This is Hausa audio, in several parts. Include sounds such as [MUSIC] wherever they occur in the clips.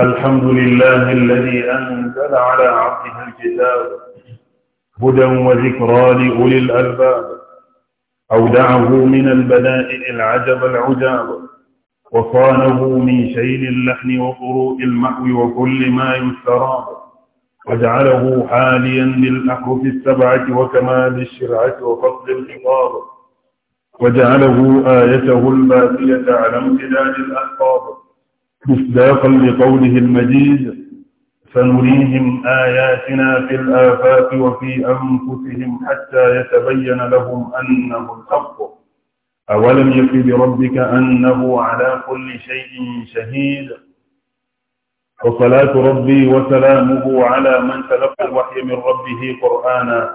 الحمد لله الذي أنزل على عبده الكتاب هدى وذكرى لأولي الألباب أودعه من البدائل العجب العجاب وصانه من شيل اللحن وطروء المحو وكل ما يستراب وجعله حاليا للأحرف السبعة وكمال الشرعة وفصل الخطاب وجعله آيته الباقية على امتداد الأحقاب مصداقا لقوله المجيد سنريهم آياتنا في الآفاق وفي أنفسهم حتى يتبين لهم أنه الحق أولم يكن بربك أنه على كل شيء شهيد وصلاة ربي وسلامه على من تلقى الوحي من ربه قرآنا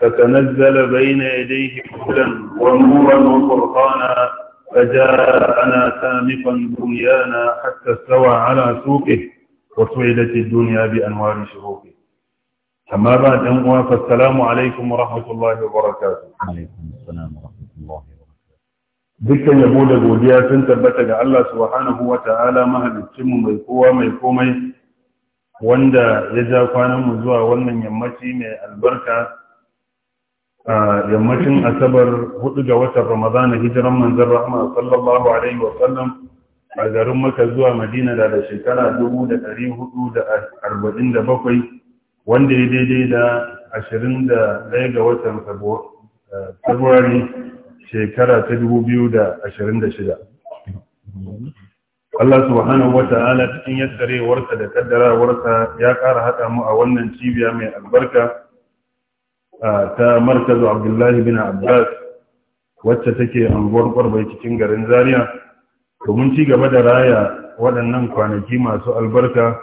فتنزل بين يديه كفلا ونورا وفرقانا فجاءنا سامقا بنيانا حتى استوى على سوقه وسعدت الدنيا بأنوار شروقه أما بعد فالسلام عليكم ورحمة الله وبركاته عليكم السلام ورحمة الله وبركاته dukkan yabo da godiya sun tabbata ga Allah subhanahu wa ta'ala mahaliccinmu mai kowa mai komai wanda ya ja kwanan mu zuwa wannan yammaci mai albarka yammacin asabar hudu ga watan ramadana hijiran manzan rahama sallallahu alaihi wa sallam a garin maka zuwa madina da da shekara bakwai wanda ya daidai da ashirin da daya ga watan eh, februari shekara ta dubu biyu da da ashirin shida. Allah subhanahu wa ta'ala cikin yassarewarsa da kaddarawarsa ya ƙara haɗa mu a wannan cibiya mai albarka ta markazu abdullahi bin abbas wacce take anguwar kwarbai cikin garin zaria domin ci gaba da raya waɗannan kwanaki masu albarka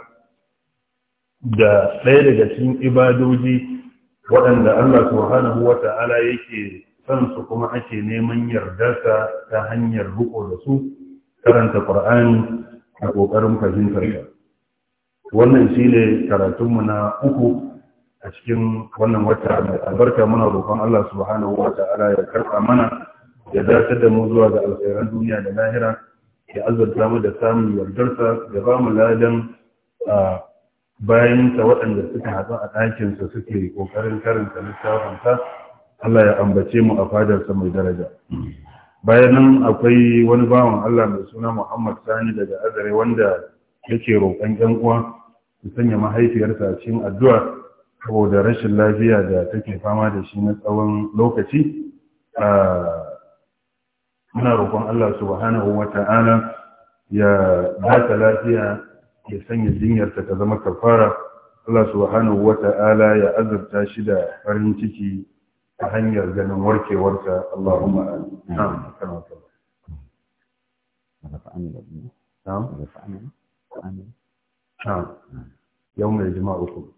da ɗaya daga cikin ibadoji waɗanda allah subhanahu wa ta'ala yake son su kuma ake neman yardarsa ta hanyar riko da su karanta ƙur'ani a ƙoƙarin fahimtar wannan shi ne karatunmu na uku a cikin wannan wata mai albarka muna roƙon Allah subhanahu wa ta'ala ya karɓa mana ya dace da mu zuwa ga alkhairan duniya da lahira ya azurta mu da samun yardarsa ya ba mu ladan bayansa waɗanda suka haɗu a ɗakinsa suke ƙoƙarin karanta littafinsa Allah ya ambace mu a fadarsa mai daraja. Bayan nan akwai wani bawan Allah mai suna Muhammad Sani daga Azare wanda yake roƙon ‘yan uwa su sanya mahaifiyarsa cikin addu'a saboda rashin lafiya da take fama da shi na tsawon lokaci muna roƙon Allah subhanahu wa ta'ala ya ba lafiya ya sanya jinyarta ta zama kafara Allah subhanahu wa ta'ala ya azurta shi da farin ciki ta hanyar ganin warkewarta Allahumma amin. jima'a uku.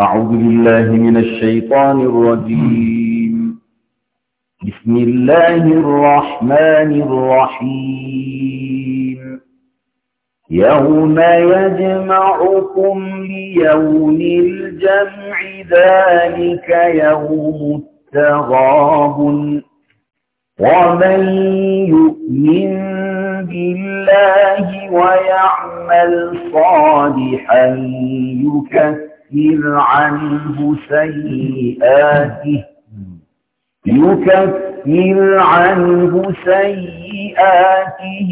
أعوذ بالله من الشيطان الرجيم بسم الله الرحمن الرحيم يوم يجمعكم ليوم الجمع ذلك يوم التغاب ومن يؤمن بالله ويعمل صالحا يكفر يكفر عنه سيئاته يكفر عنه سيئاته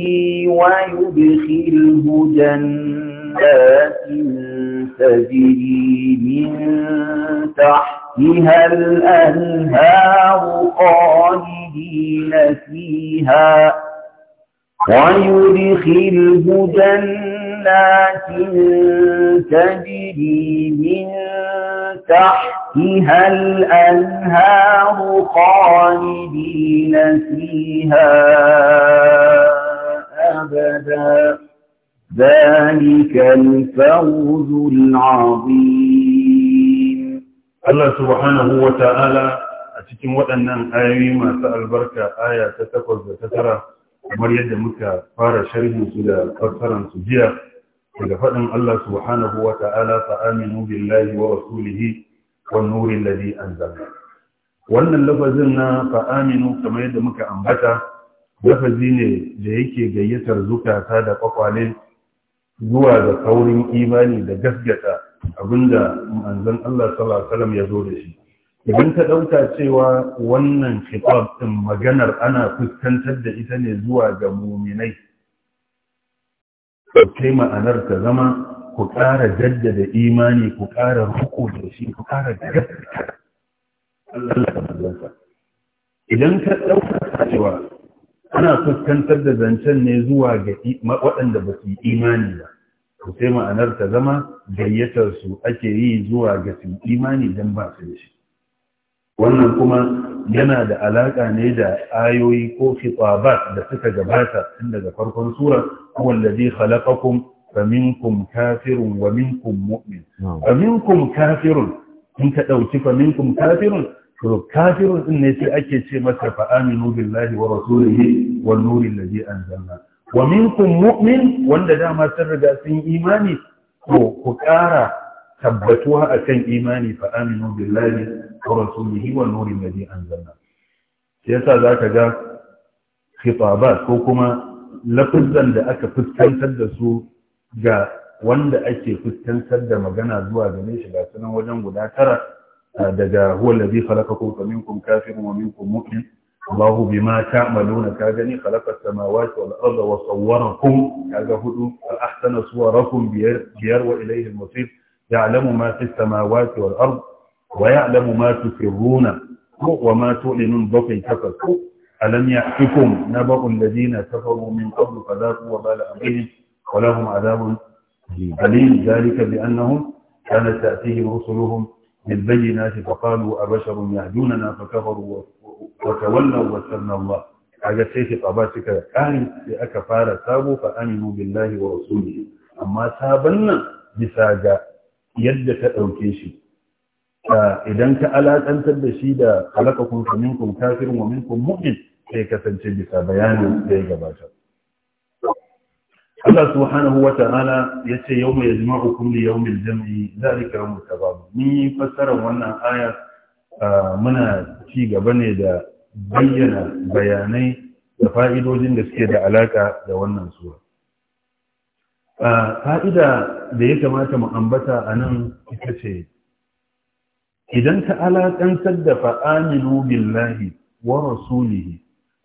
ويدخله جنات تجري من تحتها الأنهار خالدين فيها ويدخله جنات جنات تجري من تحتها الأنهار خالدين فيها أبدا ذلك الفوز العظيم الله سبحانه وتعالى أتكم وأنن آيوي ما البركة آية تتقل وتترى kamar مكة muka fara sharhin su da daga faɗin Allah subhanahu wa ta'ala fa billahi wa rasulihi wa nuri alladhi wannan lafazin na fa aminu kamar yadda muka ambata lafazi ne da yake gayyatar zukata da kwakwale zuwa ga saurin imani da gaskata abinda manzon Allah sallallahu ya zo da shi idan ta ɗauka cewa wannan kitab ɗin maganar ana fuskantar da ita ne zuwa ga muminai sai ma'anar ta zama ku ƙara jaddada imani ku ƙara ruko da shi ku ƙara gaskata da idan ka ɗauka cewa ana fuskantar da zancen ne zuwa ga waɗanda ba su yi imani ba ku sai ma'anar ta zama gayyatar su ake yi zuwa ga su imani don ba su da shi wannan kuma yana da alaƙa ne da ayoyi ko fitabat da suka gabata tun daga farkon sura huwa allazi khalaqakum faminkum kafirun wa minkum mu'min faminkum kafirun in ka ɗauki faminkum kafirun to kafirun din ne sai ake ce masa faaminu aminu billahi wa rasulihi wa nuri allazi anzalna wa minkum mu'min wanda dama sun riga sun imani ko ku ƙara tabbatuwa a kan imani fa aminu billahi wa rasulihi wa nurin ladhi anzalna sai yasa zaka ga khitabat ko kuma lafazan da aka fuskantar da su ga wanda ake fuskantar da magana zuwa gare shi ga sunan wajen guda tara daga huwa ladhi khalaqakum fa minkum kafirun wa minkum mu'min Allahu bima ta'maluna ka gani khalaqa samawati wal arda wa sawwarakum kaga hudu al ahsana suwarakum biyar biyar wa يعلم ما في السماوات والأرض ويعلم ما تسرون وما تعلنون بقي تفكوا ألم يأتكم نبأ الذين كفروا من قبل فذاقوا وبال أمرهم ولهم عذاب أليم ذلك بأنهم كانت تأتيهم رسلهم بالبينات فقالوا أبشر يهدوننا فكفروا وتولوا واستغنى الله kaga sai ki tsaba suka kare sai aka fara sabo fa aminu billahi wa rasulihi amma sabon nan bisa ga yadda ta ɗauke shi idan ka alaƙantar da shi da halakakun ka minkum kafirin wa mu'min sai kasance bisa bayanin da ya gabata Allah subhanahu wa ta'ala ya ce yau mai jami'i za mai jam'i zalika yawmul tabab ni fassarar wannan aya muna ci gaba ne da bayyana bayanai da fa'idojin da suke da alaƙa da wannan sura fa'ida da ya kamata mu ambata a nan ita ce idan ka alaƙantar da fa'aminu billahi wa rasulihi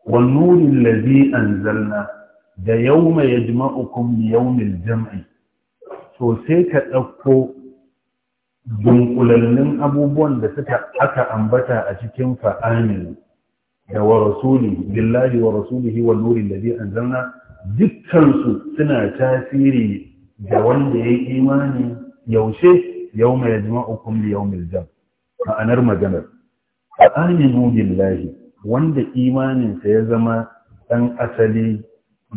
wa nurin lazi anzalna da yau mai ya jima'ukun yaunin jam'i to sai ka ɗauko dunkulallin abubuwan da suka aka ambata a cikin fa'aminu da wa rasulihi billahi wa rasulihi wa lazi anzalna dukkansu suna tasiri ga wanda ya yi imani yaushe yau mai jima'ukum da yau mai jam ma'anar maganar a aminu billahi wanda imaninsa ya zama ɗan asali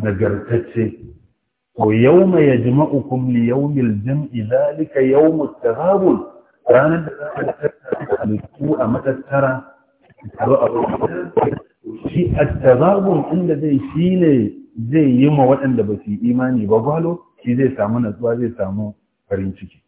nagartacce to yau mai jima'ukum da yau mai jam'i zalika yau mutarabun ranar da za a halittu a matattara a shi a inda zai shi ne zai yi ma waɗanda ba su yi imani ba gwalo shi zai samu natsuwa zai samu farin ciki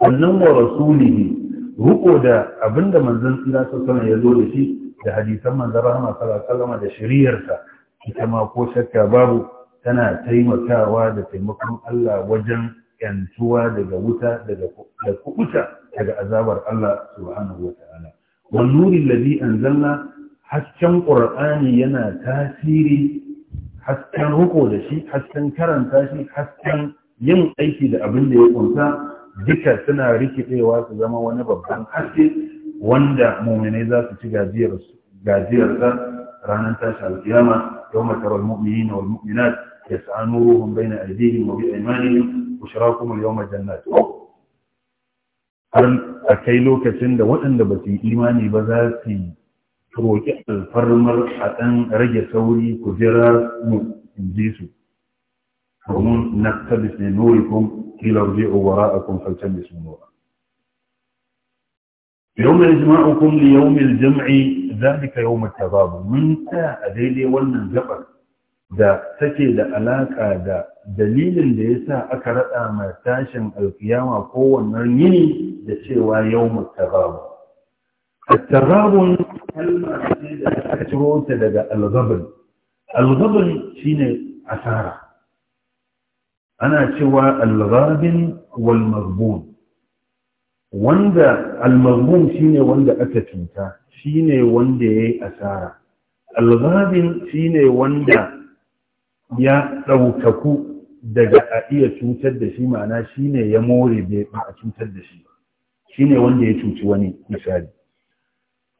wannan wa rasulihi ruko da abinda manzon tsira sallallahu ya zo da shi da hadisan manzon rahama sallallahu da shiriyarsa ita ma ko shakka babu tana taimakawa da taimakon Allah wajen yantuwa daga wuta daga da kubuta daga azabar Allah subhanahu Wa nuri anzalna hasken qur'ani yana tasiri hasken ruko da shi hasken karanta shi hasken yin aiki da abin da ya kunta duka suna rikidewa su zama wani babban haske wanda muminai za su ci gajiyarsa ranar tashi alkiyama yau matarar mu'mini na walmu'minat ya sa'a ruhun bai na aidihim wa bi aimanihim ku kuma yau oh! har a kai lokacin da waɗanda ba su yi imani ba za su yi roƙi alfarmar a ɗan rage sauri ku jira mu in ji su domin na tabis ne nurikun kilar je uwara a kun falcen da sun nura يوم يجمعكم ليوم الجمع ذلك يوم التغاب من تا daidai wannan gabar da take da alaka da dalilin da yasa aka rada ma tashin alkiyama kowannan yini da cewa yawmut tagab التغابن كلمة أتروت لدى الغبن الغبن ana cewa أنا سوى الغابن والمغبون wanda almagmum shine wanda aka cuta shine wanda yayi asara alghabin shine wanda ya ɗaukaku daga a iya cutar da shi ma'ana shine ya more bai ba a cutar da shi shine wanda ya cuci wani misali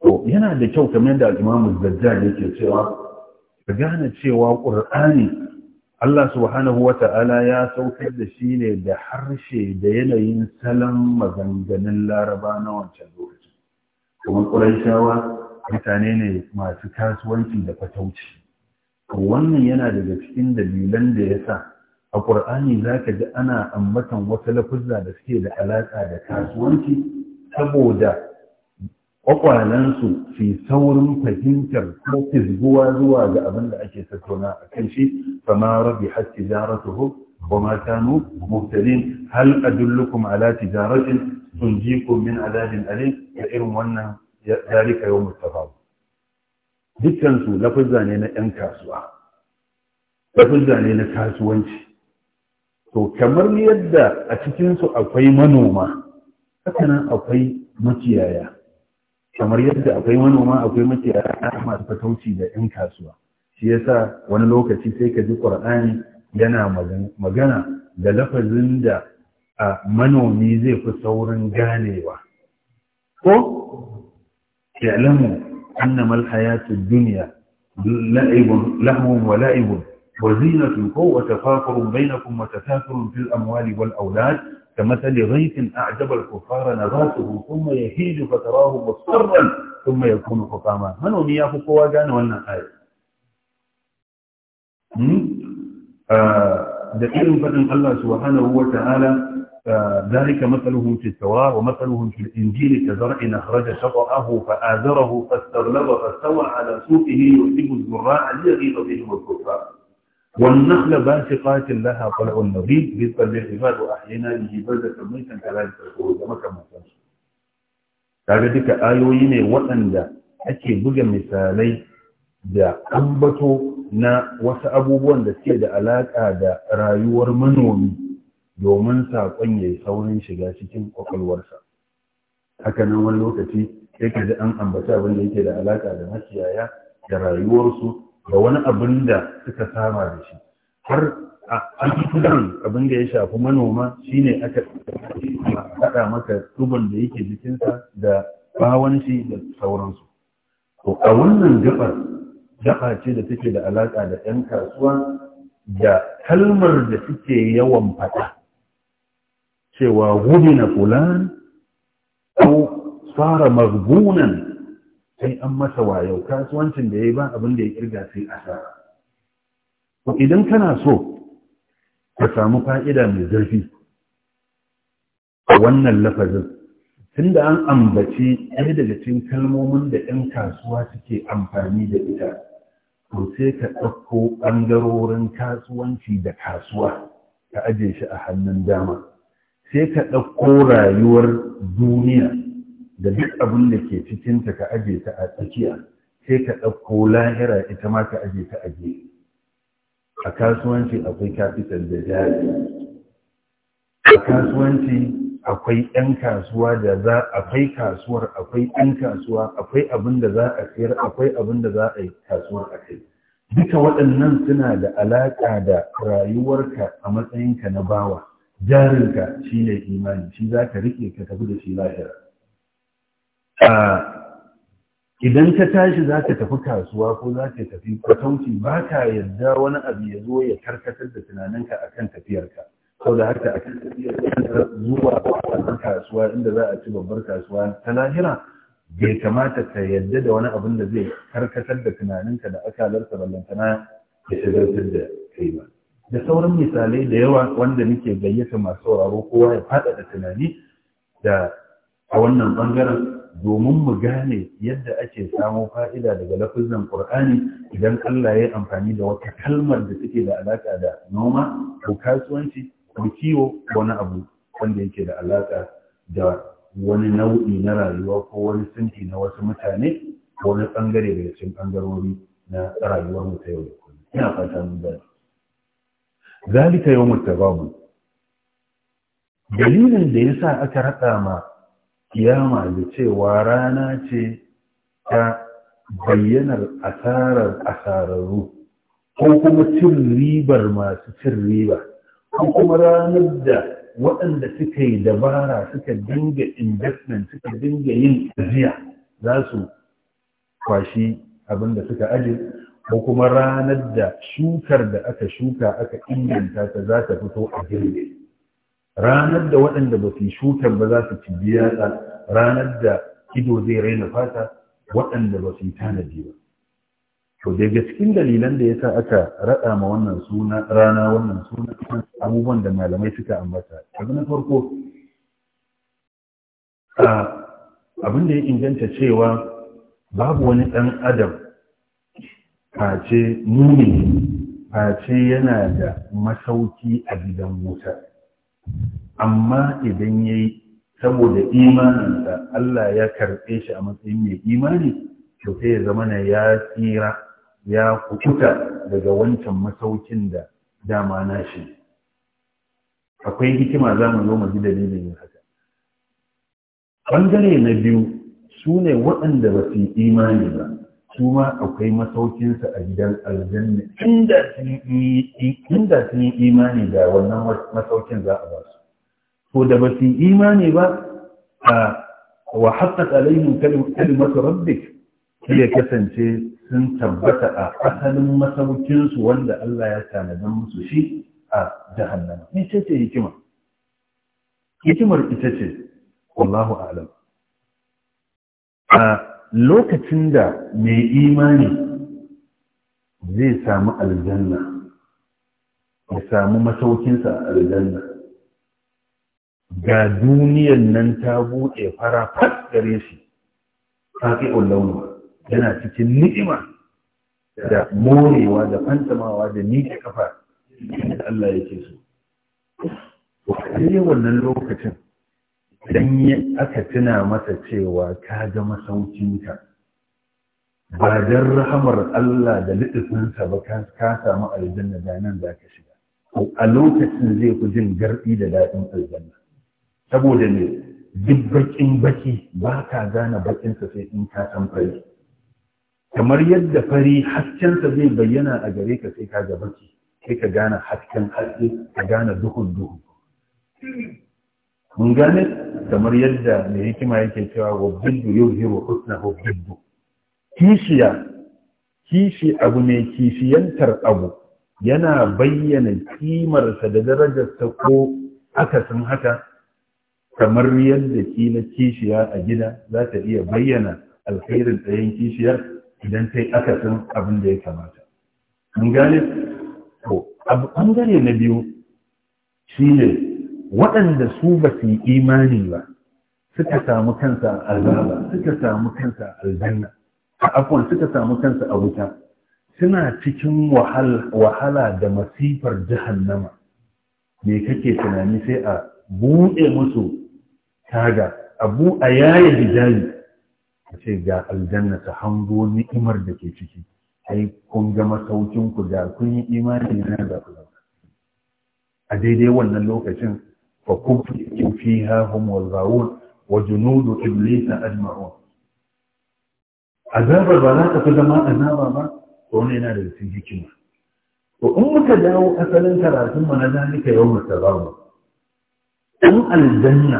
to yana da kyau kamar da imamu zajjar yake cewa ka gane cewa ƙur'ani Allah subhanahu wa ta'ala ya saukar da shi ne da harshe da yanayin salon maganganun laraba na wancan lokacin kuma shawa mutane ne masu kasuwanci da fatauci wannan yana daga cikin dalilan da ya sa a ƙur'ani za ka ji ana ambatan wata lafuzza da suke da alaƙa da kasuwanci saboda kwakwalansu su saurin fahimtar ko fizguwa zuwa ga abin da ake tattauna a kan shi fama rabi har tijaratuhu wa ma kanu muhtadin hal adullukum ala tijaratin tunjikum min adabin alim da irin wannan zalika yau mustafa dukkan su lafuzza ne na yan kasuwa lafuzza ne na kasuwanci to kamar yadda a cikin su akwai manoma haka nan akwai makiyaya kamar yadda akwai manoma akwai makiyaya masu fatauci da 'yan kasuwa shi yasa wani lokaci sai ka ji ƙur'ani yana magana da lafazin da a manomi zai fi saurin ganewa ko ya'lamu annama alhayatu dunya la'ibun lahwun wa la'ibun wa zinatun ko wa bainakum wa tasafurun fil amwali wal aulad كمثل غيث أعجب الكفار نباته ثم يهيج فتراه مصرا ثم يكون حطاما من هم يافقوا قواجان وانا آية آه، فإن الله سبحانه وتعالى آه، ذلك مثلهم في التوراة ومثلهم في الإنجيل كزرع أخرج شطأه فآذره فاستغلب فاستوى على سوقه يحب الزراع ليغيظ بهم الكفار والنخل باسقات لها طلع النضيد رزقا للعباد واحيينا به بلده ميتا كذلك الخروج كما kaga duka ayoyi ne waɗanda ake buga misalai da ambato na wasu abubuwan da suke da alaƙa da rayuwar manomi domin saƙon ya yi saurin shiga cikin ƙwaƙwalwarsa. Haka nan wani lokaci sai ka ji an ambaci abin da yake da alaƙa da makiyaya da rayuwarsu da wani abin da suka saba da shi har a kudan abin da ya shafi manoma shine aka haɗa maka tubin da yake jikinsa da bawon shi da sauransu to a wannan gabar gaba ce da take da alaƙa da 'yan kasuwa da kalmar da suke yawan faɗa cewa gudu na fulan ko fara magbunan sai an masa wayo kasuwancin da ya yi ba abin da ya kirga sai sa Ko idan kana so ka samu fa'ida mai zurfi a wannan lafazin tunda an ambaci ɗaya daga cikin kalmomin da 'yan kasuwa suke amfani da ita ko sai ka ɗauko ɓangarorin kasuwanci da kasuwa ka aje shi a hannun dama sai ka ɗauko rayuwar duniya da duk abin da ke cikinta ka aje ta a tsakiya sai ka ɗauko lahira ita ma ka aje ta aje a kasuwanci akwai capital da jari a kasuwanci akwai 'yan kasuwa da za akwai kasuwar akwai 'yan kasuwa akwai abin da za a sayar akwai abin da za a yi kasuwar a kai duka waɗannan suna da alaƙa da rayuwarka a matsayinka na bawa jarinka shi ne imani shi za ka riƙe ka tafi da shi lahira idan ka tashi za ka tafi kasuwa ko za ka tafi kwatanci ba ka yarda wani abu ya zo ya karkatar da tunaninka a kan tafiyarka sau da haka a kan tafiyarka zuwa wannan kasuwa inda za a ci babbar kasuwa ta lahira bai kamata ka yarda da wani abin da zai karkatar da tunaninka da akalarsa ballantana ya shigar da kai ba da sauran misalai da yawa wanda nake gayyata masu sauraro kowa ya faɗaɗa tunani da a wannan bangaren domin mu gane yadda ake samun fa'ida daga lafizan Qur'ani idan Allah ya yi amfani da wata kalmar da take da alaka da noma ko kasuwanci ko kiwo wani abu wanda yake da alaka da wani nau'i na rayuwa ko wani sinki na wasu mutane ko wani bangare da cikin bangarori na rayuwar mu ta yau da kullum ina fata mun da. zalika yawmut tababun dalilin da ya sa aka rada ma kiyama da cewa rana ce ta bayyanar asarar asararru ko kuma cin ribar masu cin riba ko kuma ranar da waɗanda suka yi dabara suka dinga investment suka dinga yin ajiya za su kwashi abin da suka aje ko kuma ranar da shukar da aka shuka aka inganta ta za ta fito a girbe ranar da waɗanda ba su shukar ba za su ci biya ranar da ido zai raina fata waɗanda ba su yi tanadi ba to daga cikin dalilan da ya sa aka raɗa ma wannan suna rana wannan suna abubuwan da malamai suka ambata abu na farko abin da ya inganta cewa babu wani ɗan adam face muni face yana da masauki a gidan wuta amma idan yayi, yi saboda imaninsa Allah ya karɓe shi a matsayin mai imani to ya zama na ya tsira ya kukuta daga wancan masaukin da dama na shi akwai hikima za mu zo mu ji dalilin haka ɓangare na biyu su ne waɗanda ba su yi imani ba su ma akwai masaukinsa a gidan aljanna inda sun yi imani da wannan masaukin za a ba su to da ba su yi imani ba a wa haƙaƙa alaihim kalimatu rabbik sai ya kasance sun tabbata a asalin masaukinsu wanda Allah ya tanada musu shi a jahannama ni ce ce hikima hikimar ita ce wallahu a'lam lokacin da mai imani zai samu aljanna ya samu masaukinsa a aljanna ga duniyan nan ta buɗe fara fat gare shi faƙi'un launuwa yana cikin ni'ima da morewa da fantamawa da nike kafa da Allah yake so. Wa wannan lokacin Idan aka tuna masa cewa ka ga masaukinka ba don rahamar Allah da liɗifinsa ba ka samu aljanna da nan za ka shiga a lokacin zai ku jin garbi da daɗin aljanna saboda ne duk bakin baki ba ka gane bakinsa sai in ka san fari kamar yadda fari haskensa zai bayyana a gare ka sai ka ga baki sai ka gane hasken haske ka gane duhun duhun. mun gane kamar yadda mai hikima yake cewa wa yau hiru, husnahu biddu kishiya kishi abu ne kishiyantar abu yana bayyana kimarsa da darajarsa ko akasin haka kamar yadda kila kishiya a gida za ta iya bayyana alkhairin tsayin kishiyar idan ta yi akasin abin da ya kamata. Mun gane? Ko, abu gane na biyu shi ne waɗanda su ba su yi imani ba suka samu kansa a azaba suka samu kansa aljanna a afwan suka samu kansa a wuta suna cikin wahala da masifar nama. me kake tunani sai a buɗe musu taga abu a yaye hijabi a ce ga aljanna ta hango ni'imar da ke ciki ai kun ga masaukin ku da kun yi imani na da ku a daidai wannan lokacin فكبتم فيها هم والغاوون وجنود إبليس أجمعون azabar ba za ta fi zama azaba ba to wani yana da cikin hikima to in muka dawo asalin karatun mu na zalika yau musababu in aljanna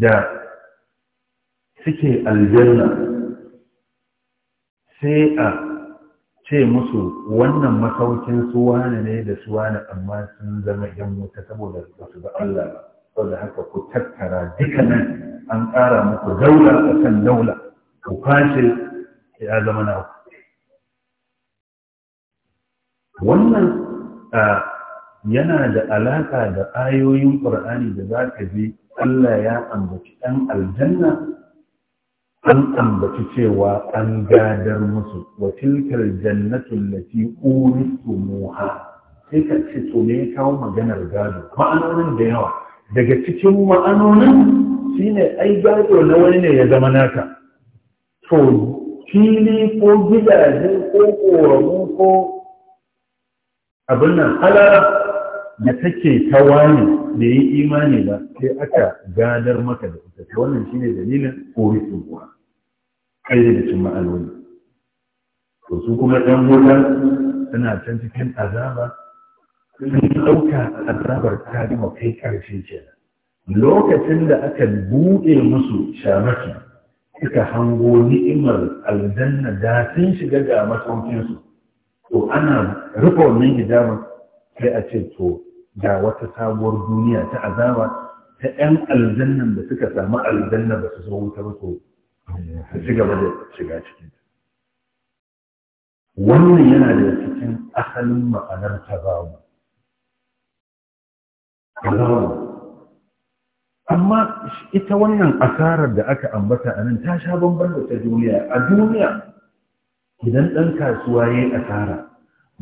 da suke aljanna sai a ce musu wannan masaukin su wani ne da su wani amma sun zama yan wuta saboda ba su ga Allah ba saboda haka ku tattara nan an ƙara muku daula a kan daula ku kwashe ya zama na wannan yana da alaƙa da ayoyin ƙur'ani da za ka ji Allah ya ambaci ɗan aljanna an ambaci cewa an gadar musu wa tilkal jannatu allati uristumuha sai ka ce to ne kawo maganar gado ma'anonin da yawa daga cikin ma'anonin shine ai gado na wani ne ya zama naka to fili ko gidaje ko koramu ko abin nan da take ta wani da yi imani ba sai aka gadar maka da ita wannan shine dalilin ko tsohuwa ɗaya daga cikin ma'anoni to su kuma ɗan wutan suna can cikin azaba sun ɗauka azabar ta gama kai ƙarshe kenan lokacin da aka buɗe musu shamaki suka hango ni'imar aljanna da sun shiga ga masaukinsu to ana rufe wannan hijabin sai a ce to ga wata sabuwar duniya ta azaba ta 'yan aljannan da suka samu aljanna ba su zo wuta ba to su ci gaba da shiga cikin wannan yana da cikin asalin ma'anar ta tazawu amma ita wannan asarar da aka ambata a nan ta sha bambar da ta duniya a duniya idan ɗan kasuwa ya yi asara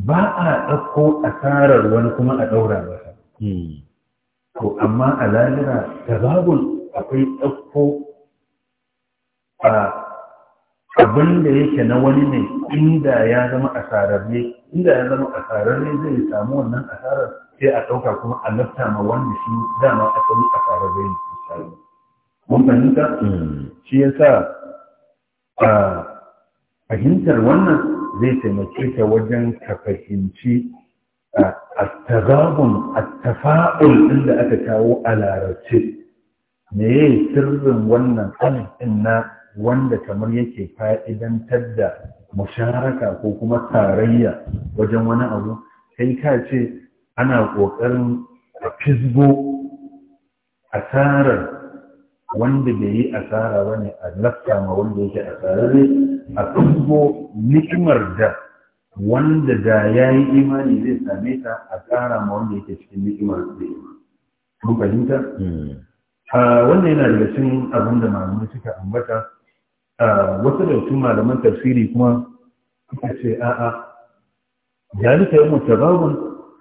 ba a ɗauko asarar wani kuma a ɗaura ba. Hmm. to amma a lalura ta akwai ɗauko abin da yake na wani ne inda ya zama asararre inda ya zama asararre zai samu wannan asarar sai a ɗauka kuma a lafta ma wanda shi dama zai asararre ne mun fahimta hmm. shi yasa a fahimtar wannan zai taimake ka wajen ka fahimci attazabun attafa'ul inda aka kawo a larabce me sirrin wannan alif din wanda kamar yake fa'idantar da musharaka ko kuma tarayya wajen wani abu sai ka ce ana ƙoƙarin a fisgo asarar wanda bai yi asara ba ne a lafta ma wanda yake ne. a fisgo nikimar da wanda da ya yi imani zai same ta a tsara ma wanda yake cikin nikimar da yi fahimta hmm. ah, wannan yana daga cikin abin da malamai suka ambata wasu da cikin malaman tafsiri kuma suka ce a'a jalika yi mutabawun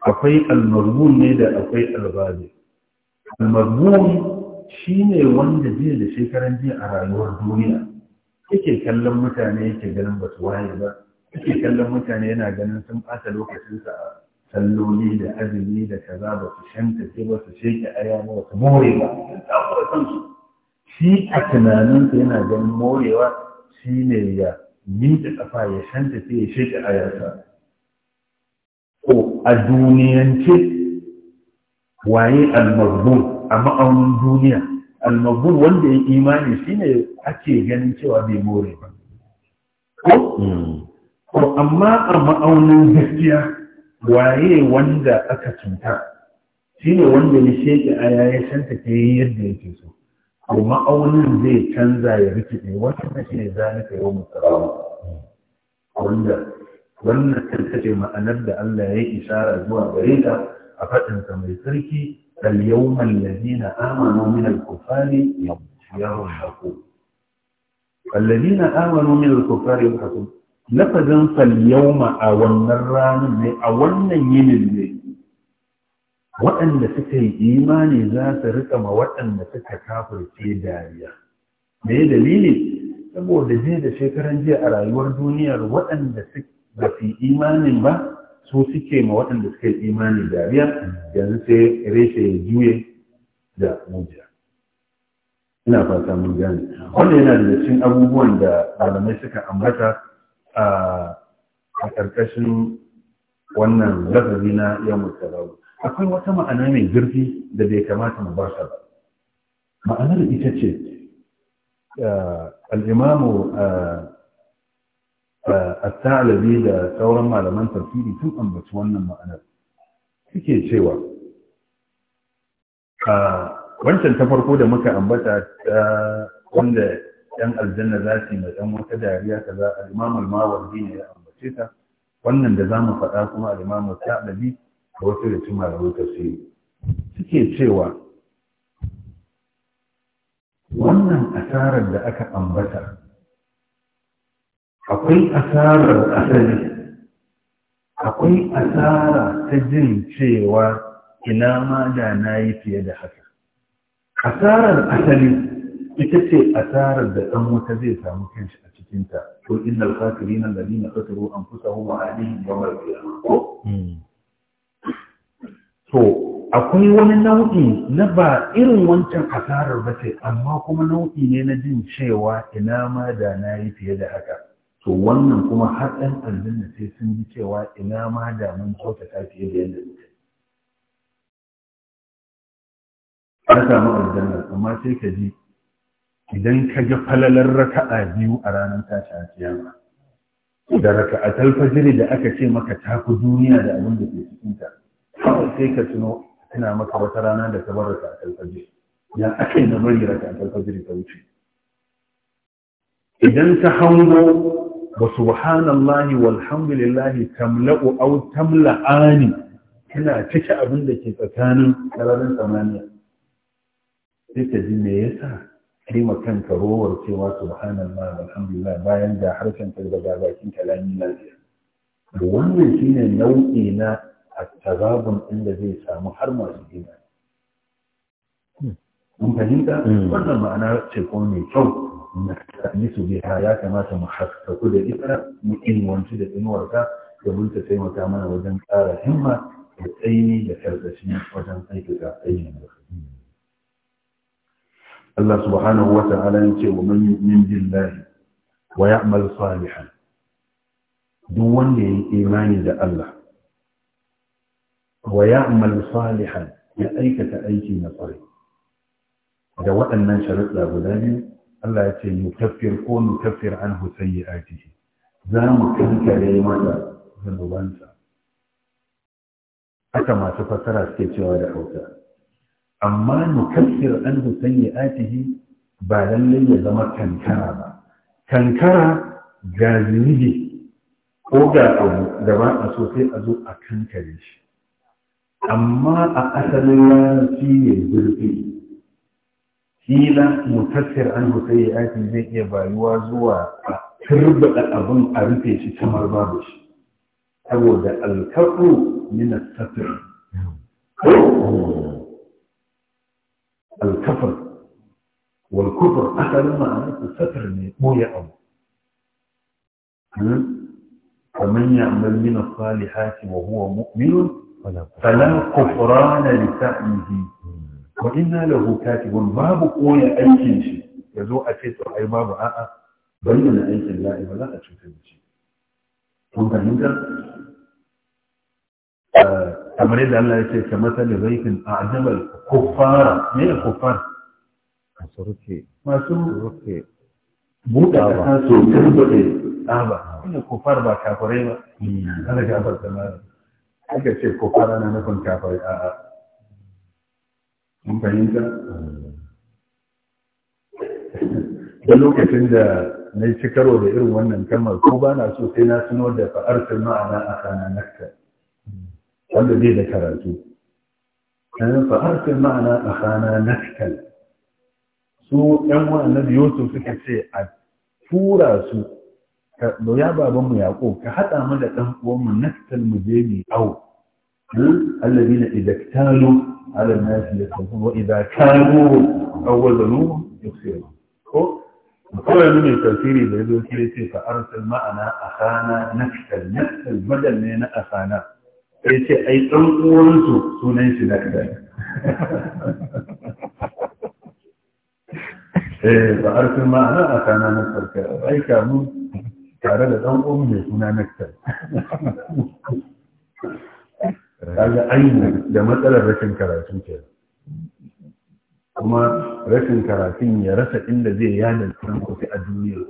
akwai almarbun ne da akwai albabi almarbun shi ne wanda jiya da shekaran jiya a rayuwar duniya yake kallon mutane yake ganin ba su waye ba yake kallon mutane yana ganin sun ɓata lokacinsa a salloli da azumi da kaza ba su shanta ce ba su sheke aya ba su more ba sun shi a tunaninsa yana ganin morewa shi ne ya da ƙafa ya shanta sai ya shaƙi yasa. ko a duniyance waye almazbun a ma'aunin duniya almazbun wanda ya imani shi ne ake ganin cewa bai more ba ko amma a ma'aunin gaskiya waye wanda aka cuta shi ne wanda ya shaida a ya shanta ta yi yadda yake so to ma'aunin zai canza ya rikide wannan shi ne zalika wa musarawa wanda wannan tattace ma'anar da Allah ya yi isara zuwa gare ta a faɗinsa mai sarki اليوم الذين آمنوا من الكفار يضحكون الذين آمنوا من a wannan ranar ne a wannan yinin ne. waɗanda suka yi imani za su rika ma waɗanda suka kafirce dariya me dalili saboda jiya da shekaran jiya a rayuwar duniyar waɗanda ba su imanin ba su suke ma waɗanda suka yi imani dariya yanzu sai reshe ya juye da mujiya ina fata mun gane wannan yana daga cikin abubuwan da malamai suka ambata a ƙarƙashin wannan lafazi na yawon talawa akwai wata ma'ana mai zurfi da bai kamata mu bar ba ma'anar ita ce eh, al'imamu eh, eh, at-ta'labi da sauran malaman tafsiri sun ambaci wannan ma'anar suke cewa ah, wancan ta farko da muka ambata ta wanda yan aljanna za su mai dan wata dariya kaza al-imam al-mawardi ne ya ambace ta wannan da zamu faɗa kuma al-imam a wasu da da malamai tafsiri suke cewa wannan asarar da aka ambata akwai asarar asali akwai asara ta jin cewa ina ma da na yi fiye da haka asarar asali ita ce asarar da ɗan wuta zai samu kanshi a cikinta ko innal kafirina alladhina huwa, anfusahum wa ahlihim yawmal qiyamah hmm. to akwai wani nau'i na ba irin wancan asarar ba ce amma kuma nau'i ne na jin cewa ina ma da na yi fiye da haka to wannan kuma har ɗan da sai sun ji cewa ina ma da mun ta fiye da yadda muke ka samu aljanna amma sai ka ji idan ka ga falalar raka'a biyu a ranar tashi a kiyama da a talfajiri da aka ce maka ta ku duniya da abin da ke cikinta kawai sai ka tuno tana maka wata rana da ka bar raka a kalfajir ya aka yi na bari raka a kalfajir ta wuce idan ta hango wa subhanallahi walhamdulillahi tamla'u aw tamla'ani tana cike abin da ke tsakanin sararin samaniya sai ka ji me yasa kai makan ka rowar cewa subhanallahi walhamdulillah bayan da harshen ta daga bakin kalami lafiya wannan shine nau'i na a tazabun inda zai samu har masu gina. Mun fahimta? Wannan ma'ana ce kuma mai kyau na su biya ya kamata mu haskaku da ita mu da inuwarta domin ta taimaka mana wajen ƙara himma da tsayi da karkashi wajen aikata ga da Allah subhanahu wa ta'ala ya ce wa man yu'min billahi wa ya'mal salihan duk wanda ya yi imani da Allah wa ya'mal salihan ya aikata aiki na tsare da waɗannan sharuɗa guda biyu Allah ya ce yukaffir ko nukaffir anhu sayyi'atihi za mu kankare masa zanubansa haka masu fasara suke cewa da hausa amma nukaffir anhu sayyi'atihi ba lallai ya zama kankara ba kankara ga zunubi ko ga da ba a sosai a zo a kankare shi amma a asalin larabci ne zurfi kila mutassir an husai ya ake zai iya bayuwa zuwa a turbaɗa abin a rufe shi kamar babu shi saboda alkaɓu min na alkafar wal kufur asalin ma'anar safir ne ɓoye abu kamar hmm? ya amal min salihati wa huwa mu'minun فلا كفران لسعيه وإنا له كاتب باب قوي أيكين شيء يزو أتيت أي باب آآ بين أيكين لا إبا لا أتشوف شيء kun fahimta kamar yadda Allah ya ce ka masa da a ajabar kuffara ne ya kuffar masu rufe masu rufe buɗe ƙasa sosai buɗe tsaba ba ba kada samari aka ce ko fara na nufin kafari a a mun fahimta da lokacin da na yi karo da irin wannan kamar ko ba na so sai na suno da fa'artar ma'ana a kananarka wanda zai da karatu kanan fa'artar ma'ana a kananarka su ‘yan wa'annan yusuf suka ce a tura su ya baban mu yaƙo ka haɗa mu da ɗan uwan mu naftal mu je mu awo alladina idza kanu ala nas yasbu wa idza kanu awwalu yusiru ko kawai mun tafsiri da yazo kire ce fa arsal ma'ana akhana naftal naftal badal ne na akhana sai ce ai ɗan uwansu sunan shi naftal [LAUGHS] eh fa arsal ma'ana akhana naftal ai kamun tare da ɗan uwan mai suna nektar kaga aini da matsalar rashin karatu ke kuma rashin karatun ya rasa inda zai yada kan kofi a duniyar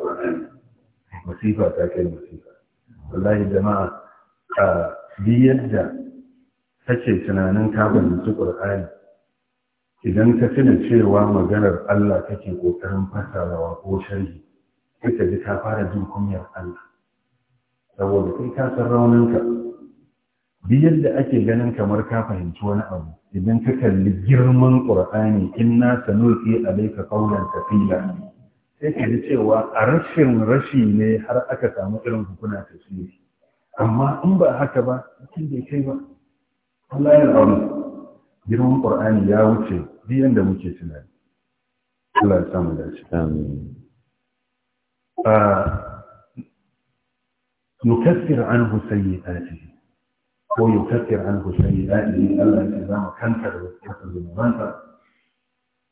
masifa ta kai masifa wallahi jama'a a bi yadda kake tunanin kafin fahimci qur'ani idan ka tuna cewa maganar Allah kake ƙoƙarin fasarawa ko sharhi sai ka ji ka fara jin kunyar Allah saboda kai ka san rauninka bi yadda ake ganin kamar ka fahimci wani abu idan ka kalli girman qur'ani inna sanulqi alayka qawlan thaqila sai ka ji cewa a rashin rashi ne har aka samu irin hukuna tasiri amma in ba haka ba cikin bai kai ba Allah ya rauni girman qur'ani ya wuce bi yadda muke tunani Allah ya samu dace amin نكفر عنه سيئاته ويكفر عنه سيئاته ألا إذا كنفر وكفر بمنفر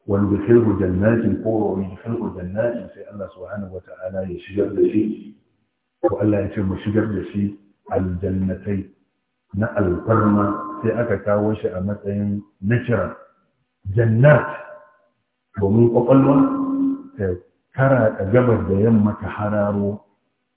وندخله جنات قور ويدخله جنات في الله سبحانه وتعالى يشجر لشيء وألا يتم شجر لشيء الجنتين نقل alfarma في aka kawo shi نشرا جنات ومن jannat kara da gabar da yamma ta hararo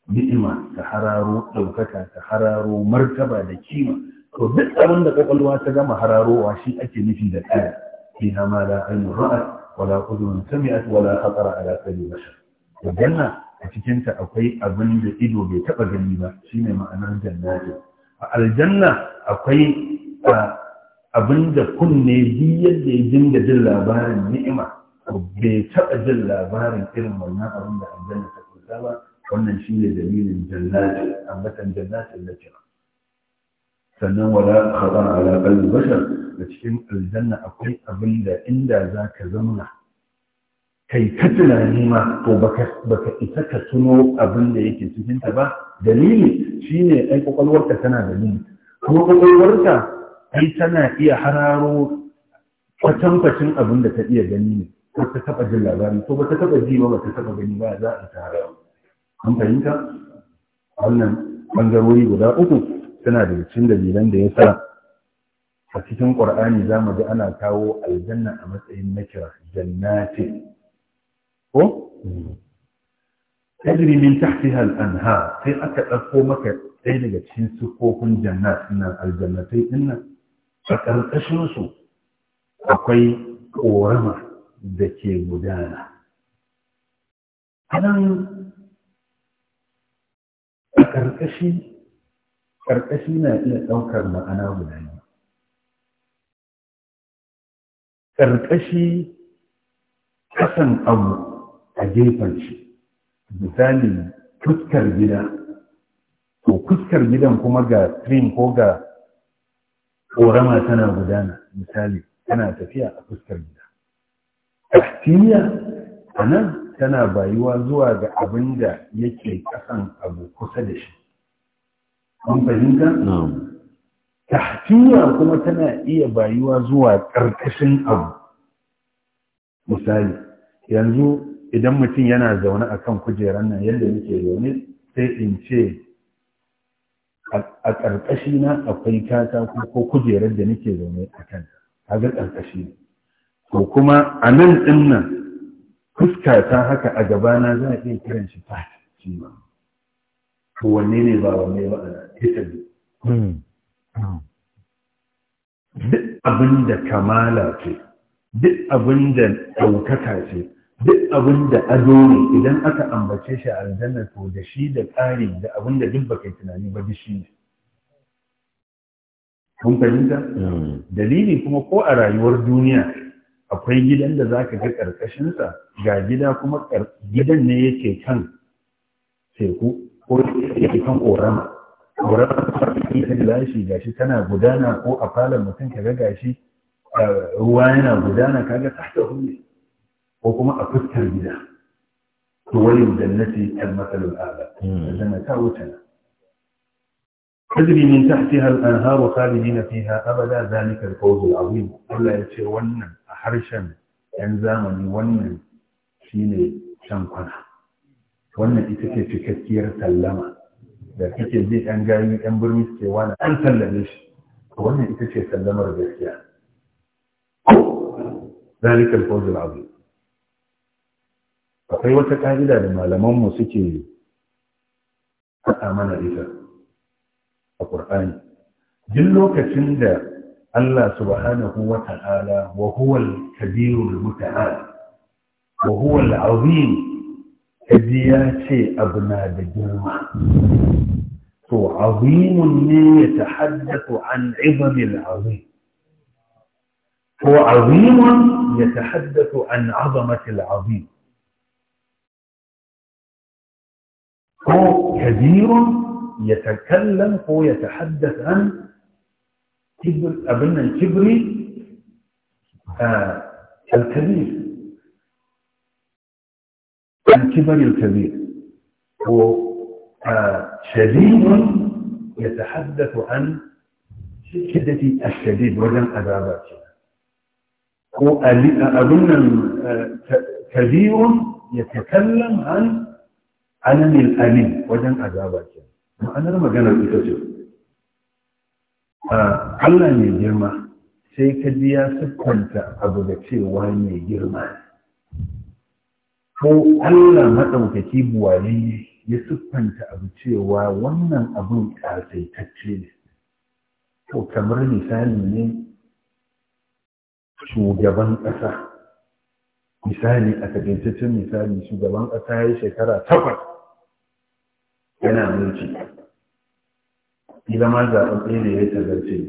ni'ima ta hararo ɗaukaka ta hararo martaba da kima to duk abin da kwakwalwa ta gama hararowa shi ake nufi da kaya fi hama da ainihin ra'at wala kuzurin sami'at wala hatsara ala kari bashar to janna a cikinta akwai abin da ido bai taɓa gani ba shine ma'anar jannati a aljanna akwai abin da kunne biyar da ya jinga jin labarin ni'ima bai taɓa jin labarin irin wannan abin da aljanna ta kunsa ba wannan shi ne dalilin jannatin ambatan jannatin na kira sannan wala kaza ala qalbi bashar da cikin aljanna akwai abin da inda za ka zauna kai ta tunani ma to baka isa ka tuno abin da yake cikin ta ba dalili shine ai kwakwalwarka tana da ni kuma kwakwalwarta ai tana iya hararo kwatankwacin abin da ta iya gani ne ko ta taɓa jin labari ko ba ta taɓa ji ba ba ta taɓa gani ba za a tara an fahimta wannan ɓangarori guda uku suna da cikin dalilan da ya sa a cikin ƙur'ani za mu ji ana kawo aljanna a matsayin nakira jannati ko tajri min tahtiha al-anha sai aka ɗauko maka ɗaya daga cikin sukofin jannat nan aljannatai din nan a ƙarƙashin su akwai ƙorama da ke gudana. Anan a ƙarƙashi, ƙarƙashi na iya ɗaukar ma'ana guda ne. Ƙarƙashi ƙasan abu a gefen shi, misali fuskar gida, to fuskar gidan kuma ga trim ko ga ƙorama tana gudana, misali tana tafiya a fuskar gida. kimiyya a tana bayuwa zuwa ga abin da yake kasan abu kusa da shi an fahimta? kimiyya kuma tana iya bayuwa zuwa ƙarƙashin abu misali yanzu idan mutum yana zaune a kan kujerar nan yadda yake zaune sai in ce a ƙarƙashina akwai katako ko kujerar da nake zaune a kanta a ga ƙarƙashi To kuma a nan ɗin nan fuska ta haka a gabana za a iya kiran shi fat ci ma to wanne ne ba wanne ba a ita hmm. duk abin da kamala ce duk abin da ɗaukaka ce duk abin da ado ne idan aka ambace shi a aljanna to da shi da ƙari da abin da duk baka tunani ba shi ne kun fahimta hmm. dalili kuma ko a rayuwar duniya akwai gidan da za ka ga ƙarƙashinsa ga gida kuma gidan ne yake kan teku ko yake kan ƙorama ƙorama ta lashi gashi tana gudana ko a falon mutum ka ga gashi ruwa yana gudana kaga tsaka hulle ko kuma a fuskar gida to wani jannati kan matsalul ala zana hmm. ta wuce na تجري من تحتها الأنهار خالدين فيها أبدا ذلك الفوز Allah ya ce wannan harshen 'yan zamani wannan ne shan kwana wannan ita ce cikakkiyar sallama da kake ji ɗan gayu ɗan birni suke wani an sallame shi wannan ita ce sallamar gaskiya ذلك الفوز abu. akwai wata ƙa'ida da malamanmu suke faɗa mana ita a ƙur'ani duk lokacin da الله سبحانه وتعالى وهو الكبير المتعال وهو العظيم ادياتي ابناء الجنه هو عظيم يتحدث عن عظم العظيم هو عظيم يتحدث عن عظمه العظيم هو كبير يتكلم هو يتحدث عن كبر أبنى الكبري آه الكبير الكبر الكبير هو آه شديد يتحدث عن شدة الشديد وجن أباباته هو أبنى آه، كبير يتكلم عن علم الأليم وجن أباباته ما أنا لما قال الكتاب Allah mai girma sai ka ji ya siffanta abu da cewa mai girma ko Allah maɗaukaki buwari ya sukanta abu cewa wannan abun ƙasaitacce ne to kamar misali ne shugaban ƙasa misali a kaɗaitaccen misali shugaban ƙasa ya shekara takwas yana mulki ila ma ɗaya ne ya tazarce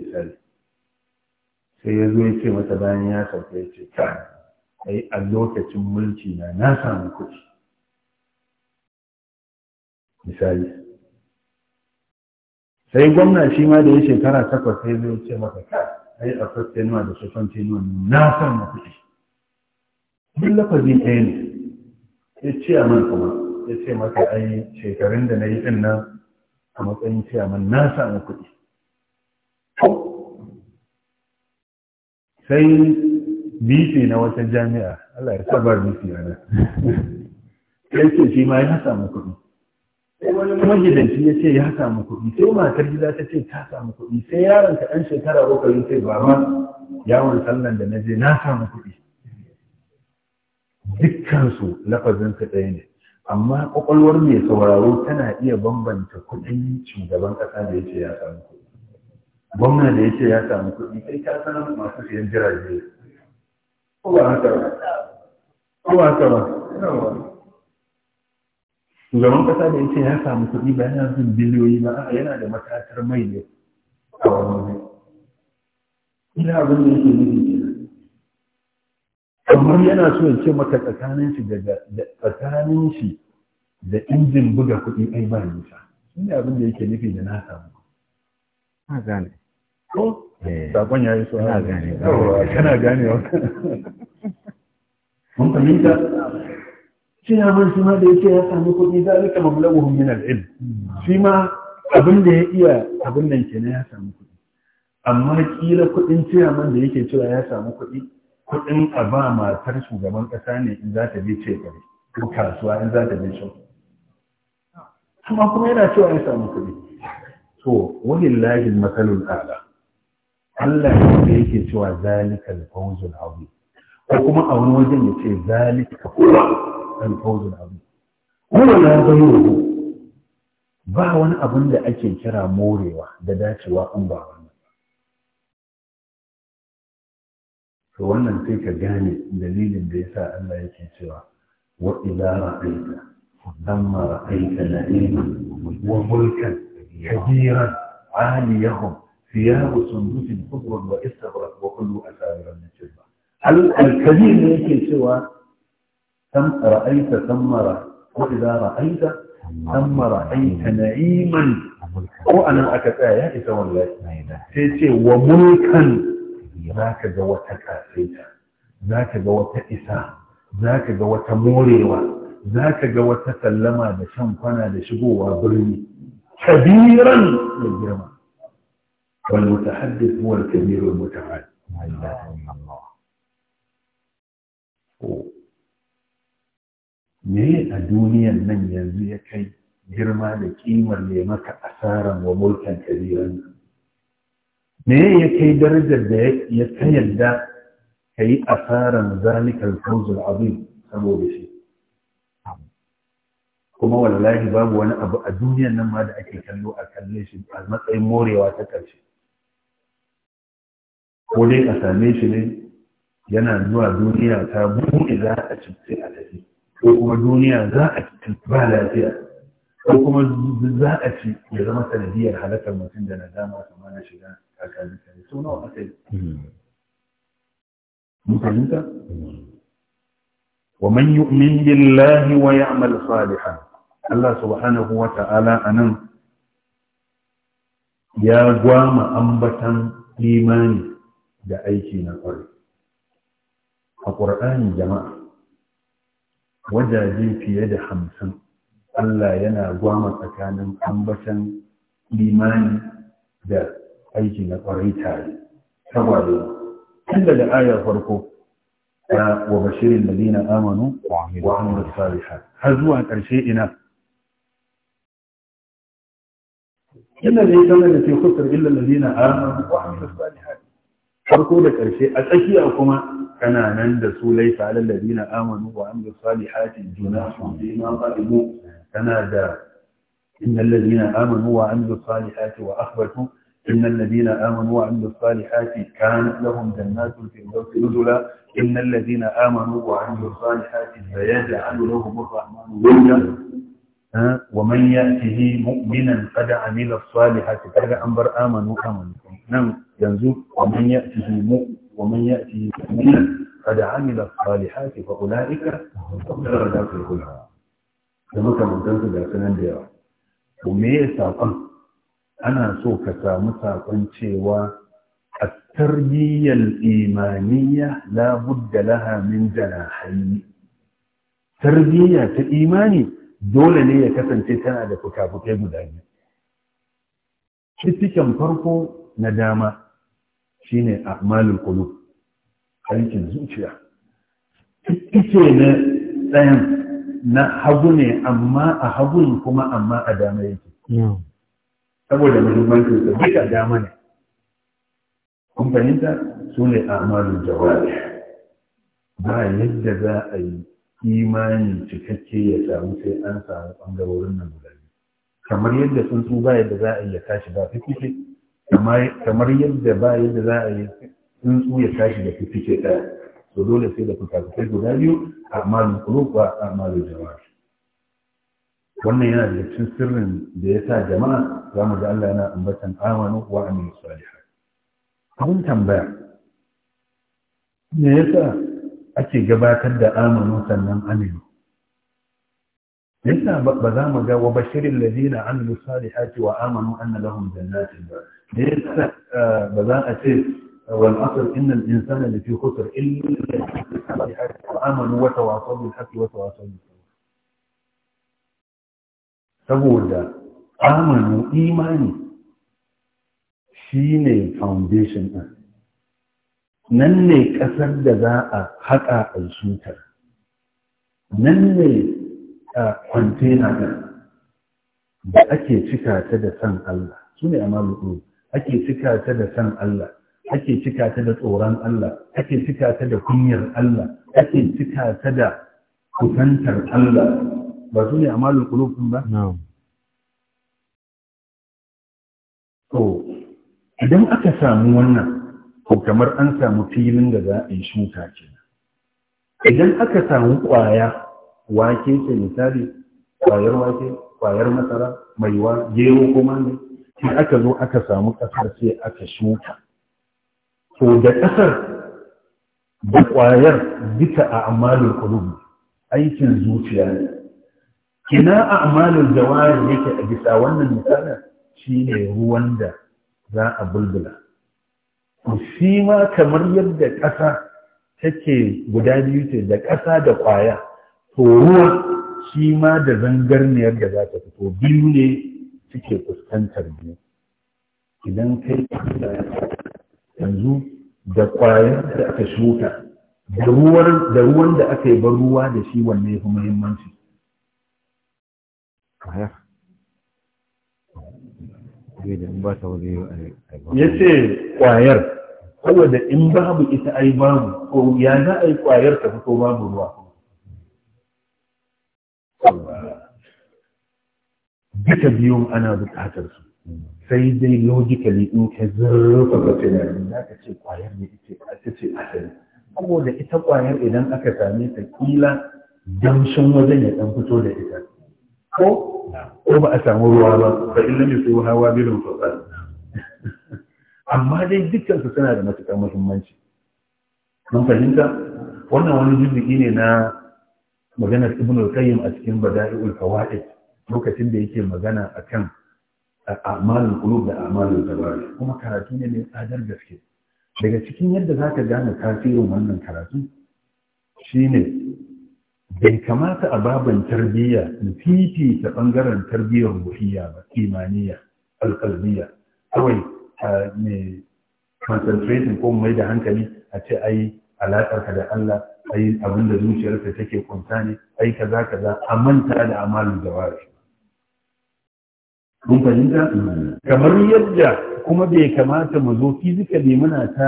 misali sai ya zo ya ce mata bayan ya sauka ya ce ta ai a lokacin mulki na na samu kuɗi misali sai gwamna shi ma da ya shekara takwas sai zai ya ce mata ta ai a fastenuwa da sufantenuwa na samu kuɗi duk lafazin ɗaya ne ya ce a man kuma ya ce mata ai shekarun da na yi ɗin nan a matsayin ciyaman na samu kuɗi sai bisi na wata jami'a Allah ya sabar bisi yana sai ce shi ma ya samu kuɗi sai wani mahidanci ya ce ya samu kuɗi sai matar gida ta ce ta samu kuɗi sai yaron ka ɗan shekara uku ya sai baba yawon sallan da na je na samu kuɗi dukkansu lafazin ka ɗaya ne amma kwakwalwar mai sauraro tana iya bambanta kuɗin shugaban ƙasa da ya ce ya samu kuɗi gwamna da ya ce ya samu kuɗi kai ta san masu siyan jirage ko ba haka ba ko ba haka ba shugaban ƙasa da ya ce ya samu kuɗi ba yana zin biliyoyi ba yana da matatar mai ne a wani ina abin da yake nufi kenan kamar yana so ya ce maka tsakanin shi da tsakanin shi da injin buga kuɗi ai ba nisa shi abin da yake nufi da na samu na gane ko eh. sakon ya yi so na gane kana gane wa mun fahimta shi na man shi ma da yake ya sami kuɗi za a rika mamlabuhun min al'ilm shi ma abin da ya iya abin nan kenan ya samu kuɗi amma kila kuɗin ciyaman da yake cewa ya samu kuɗi kuɗin a ba matar shugaban ƙasa ne in za ta bice ce kare ko kasuwa in za ta je Su kuma kuma yana cewa ya samu kuɗi to lajin matsalin ala Allah ne yake cewa zalikal fawzul abu ko kuma a wani wajen ya ce zalika huwa al abu kuma na zai ghayruhu ba wani abin da ake kira morewa da dacewa in ba to wannan sai ka gane dalilin da ya sa Allah yake cewa wa idza ra'aita lamma ra'aita na'ima wa mulkan kabiran aliyahum thiyabu sundusin khudran wa istabrak wa kullu asabirin min jilba al-kabir ne yake cewa tam ra'aita samara wa idza ra'aita amma ra'aita na'iman ko anan aka tsaya ya isa wallahi sai ce wa mulkan za ka ga wata kasaita za ga wata isa zaka ga wata morewa zaka ga wata sallama da shan kwana da shigowa birni kabiran da girma wal mutahaddis huwa kabir wal Ko. me a duniyan nan yanzu ya kai girma da kimar ne maka asaran wa mulkan kabiran nan me ya kai darajar da ya ta yadda ka yi asaran zalikar fawzul abin saboda shi kuma wallahi babu wani abu a duniyar nan ma da ake kallo a kalle shi a matsayin morewa ta ƙarshe ko dai a same shi ne yana zuwa duniya ta buɗe za a ci sai a tafi ko kuma duniya za a ci ba lafiya ko kuma za a ci ya zama sanadiyar halakar mutum da kamar na shiga tsakanin kare so nawa aka yi hmm. mun fahimta hmm. wa man yu'min billahi wa ya'mal salihan Allah subhanahu wa ta'ala anan ya gwama ambatan imani da aiki na kwarai a ƙur'ani jama'a wajaje fiye da hamsin Allah yana gwama tsakanin ambatan imani da aiki na kwarai tare tagwaye tun daga ayar farko ta wa bashirin ladina amanu wa amilu salihat har zuwa ƙarshe ina inna dai kana da ce kusur illa ladina amanu wa amilu salihat farko da ƙarshe a tsakiya kuma كان نندس ليس على الذين آمنوا وعملوا الصالحات جناح فيما salihati تنادى إن الذين آمنوا وعملوا الصالحات وأخبثوا إن الذين آمنوا وعملوا الصالحات كانت لهم جنات في الأرض نزلا إن الذين آمنوا وعملوا الصالحات فيجعل لهم الرحمن وليا ومن يأته مؤمنا قد عمل الصالحات قد أنبر آمنوا آمنوا نعم ينزل ومن يأته مؤمنا ومن يأتي مؤمنا قد عمل الصالحات فأولئك هم درجات العلى da makamantansu da sanan da yawa to me saƙon ana so ka samu saƙon cewa a tarbiyyar imaniya la budda laha min janahaini tarbiyya ta imani dole ne ya kasance tana da fuka-fukai guda biyu cikin farko na dama Shi shine a'malul Kulu, aikin zuciya ice na tsayan na hagu ne amma a hagun kuma amma a dama yake saboda mahimmancin da duka dama ne kumfaninta su ne malin jawabi ba yadda za a yi imani cikakke ya samu sai an samu ɓangarorin nan guda kamar yadda sun tuba yadda za a yi ya tashi ba fi kamar yadda ba yadda za a yi sun tsuya tashi da fifice ɗaya to dole sai da fukatakai guda biyu a malin kulub a malin jama'a wannan yana da cikin sirrin da ya sa jama'a za mu ga Allah yana ambatan amanu wa aminu salihan abun tambaya me yasa ake gabatar da amanu sannan aminu yasa ba za mu ga wa bashirin ladina amilu salihati wa amanu anna lahum jannatin ba me yasa ba za a ce wal asr innal insana lafi khusr illa amanu wa tawassaw bil haqqi wa saboda imani shine foundation din nan ne kasar da za a haƙa a shutar nan ne kwantena da ake cika ta da san Allah su ne a malu'u ake cika ta da san Allah ake cika ta da tsoron Allah ake cika ta da kunyar Allah ake cika ta da kusantar Allah ba su ne a qulub din ba to idan aka samu wannan ko kamar an samu filin da za a yi shuka kenan idan aka samu ƙwaya wake ce misali ƙwayar wake ƙwayar masara maiwa gero kuma ne sai aka zo aka samu ƙasar sai aka shuka to da ƙasar da ƙwayar duka a amalin kulubi aikin zuciya ne kina a amalin jawari yake a bisa wannan Shi shine ruwan da za a bulbula shi ma kamar yadda ƙasa take guda biyu ce da ƙasa da ƙwaya to ruwa shi ma da zangarniyar da za ta fito biyu ne suke fuskantar mu idan kai yanzu da kwayar da aka shuka da ruwan da aka yi ban ruwa da shi wanne ya fi muhimmanci ya ce kwayar da in babu ita ai babu ko ya za a yi kwayar ta fito babu ruwa duka biyun ana buƙatar su sai dai logically in ka zurfafa tunani za ka ce kwayar ne ita ce asali saboda ita kwayar idan aka same ta kila damshin wajen ya dan fito da ita ko ko ba a samu ruwa ba fa in lam yusibu hawa bilun fasal amma dai dukkan su suna da matuƙar muhimmanci mun fahimta wannan wani juz'i ne na maganar ibnu qayyim a cikin bada'iul fawaid lokacin da yake magana a akan amalin Kulub da amalin zabari kuma karatu ne mai tsadar gaske daga cikin yadda za ka gane tasirin wannan karatu shine bai kamata a baban tarbiyya in ta bangaren tarbiyyar ruhiyya ba imaniya alƙalbiya kawai mai concentration ko mai da hankali a ce ai alaƙarka da Allah ai abinda zuciyarka take kunta ne ai kaza kaza a manta da amalin jawari Kun fahimta kamar yadda kuma bai kamata mu zo fizika fizikali muna ta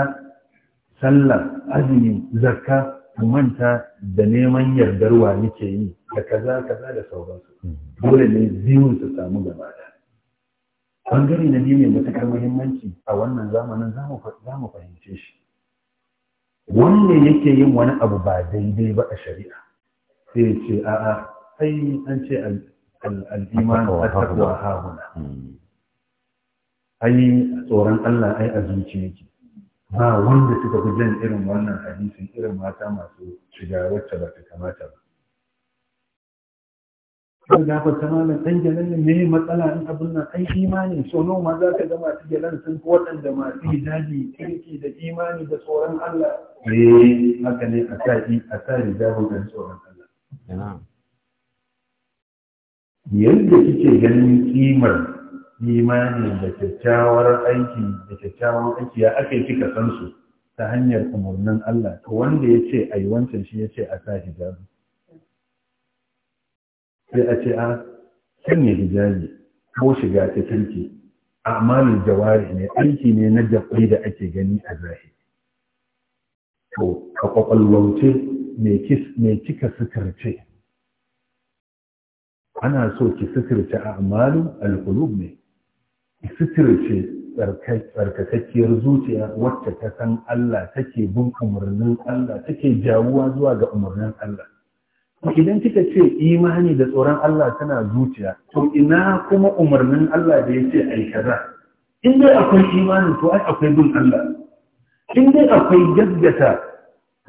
sallah azumi zakka ku manta da neman yardarwa wa yi da kaza kaza da sauransu dole ne biyun su samu gaba da bangare na biyu mai matakar muhimmanci a wannan zamanin za mu fahimce shi wanne yake yin wani abu ba daidai ba a shari'a sai ce a'a sai an ce al'iman hmm. ai tsoron Allah ai a yake ba wanda suka fi jan irin wannan hadisin irin mata masu shiga wacce ba ta kamata ba kan gafa ta malam ɗan gyalan ne mai matsala in abin nan ai imani so no ma za ka ga masu gyalan sun fi waɗanda masu hijabi kirki da imani da tsoron Allah eh haka ne a sa a sa hijabin tsoron Allah yadda kike ganin kimar imani da kyakkyawar aiki da kyakkyawar aiki ya aka kika san su ta hanyar umarnin Allah to wanda ya ce ai wancan shi ya ce a sa hijabi sai a ce a sanya hijabi ko shiga ta kirki amalin jawari ne aiki ne na jabai da ake gani a zahiri to a kwakwalwance me kika sukarce ana so ki suturce a'malu al-qulub ne ki suturce tsarkakakkiyar zuciya wacce ta san Allah take bin umarnin Allah take jawuwa zuwa ga umarnin Allah to idan kika ce imani da tsoron Allah tana zuciya to ina kuma umarnin Allah da yace ai kaza in dai akwai imani to ai akwai bin Allah in dai akwai gaggata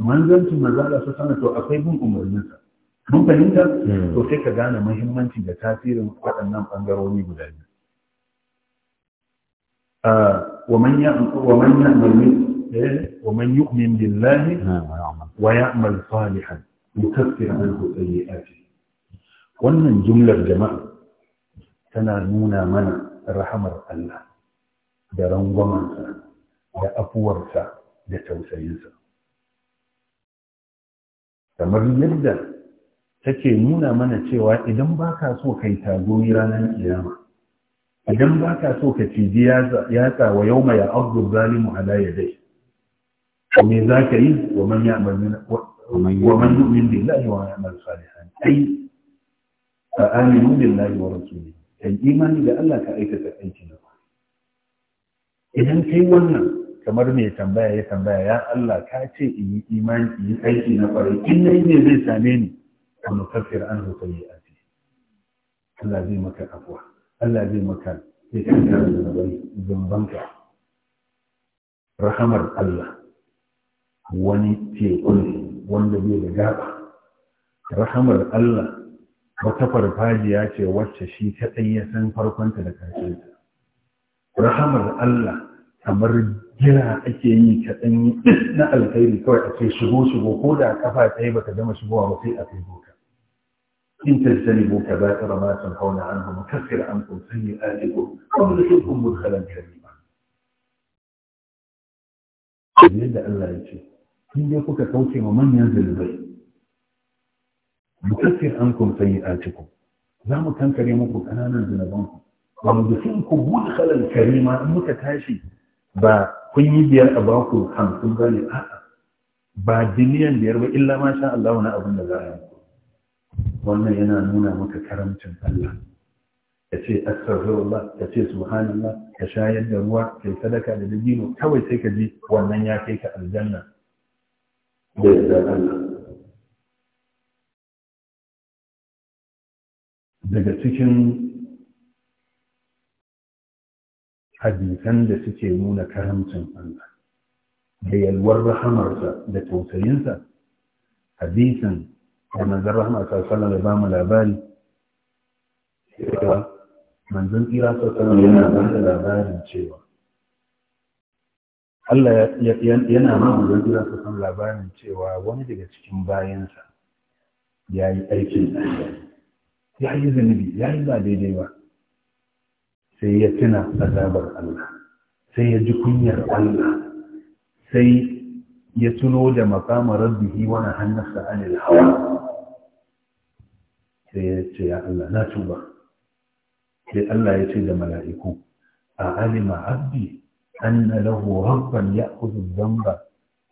manzanci manzo Allah to akwai bin umarninsa mun fahimta to sai ka gane muhimmanci da tasirin waɗannan ɓangarori guda biyu ومن ومن يعمل ومن يؤمن بالله ويعمل صالحا يكفر عنه سيئاته wannan jumlar jama'a tana nuna mana rahamar Allah da rangwamansa da afuwarsa da tausayinsa kamar yadda take nuna mana cewa idan ba ka so ka yi tagomi ranar kiyama idan ba ka so ka ciji yatsa wa yau mai abu zalimu ala ya dai me za ka yi wa man ya min billahi wa ya amal salihan ai a aminu billahi wa rasuli kan imani da Allah ka aikata aiki na ba. idan kai wannan kamar mai tambaya ya tambaya ya Allah ka ce in yi imani in yi aiki na kwarai in ne zai same ni ونكفر عنه سيئاته sayyi'ati Allah zai maka afwa Allah zai maka rahamar Allah wani teku ne wanda bai da gaba rahamar Allah wata farfajiya ce wacce shi kaɗai ya san farkonta da ƙarshenta rahamar Allah kamar gira ake yi kaɗan na alkhairi kawai a ce shigo shigo ko da kafa baka gama shigowa ba sai a kai إن تجتنبوا كبائر ما تنهون عنه نكفر عنكم سيئاتكم وندخلكم مدخلا كريما. yadda Allah ya ce, in dai kuka kauce ma manyan zunubai, mukaffir an kun sayi a za mu kankare muku ƙananan zunubanku, ba karima muka tashi ba kun yi biyar a baku hamsin ba ne a'a ba biliyan biyar ba illa ma sha Allah wani abin da za a yi. wannan yana nuna maka karamcin Allah ka ce astaghfirullah ka ce subhanallah ka shayar da ruwa kai sadaka da dabino kawai sai ka ji wannan ya kai ka aljanna da yarda Allah daga cikin hadisan da suke nuna karamcin Allah da yalwar rahamarsa da tausayinsa hadisan da manzan rahama sassanar da ba mu labari cewa manzan tsira sassanar yana ba da labarin cewa Allah yana ma zan tsira sassanar labarin cewa wani daga cikin bayansa ya yi aikin ya yi zunubi ya yi ba daidai ba sai ya tuna azabar Allah sai ya ji kunyar Allah sai ya tuno da makama rabbihi wani hannasa anil hawa sai ya ce ya Allah na tuba sai Allah ya ce da mala'iku a alima abdi anna lahu rabban zamba. dhanba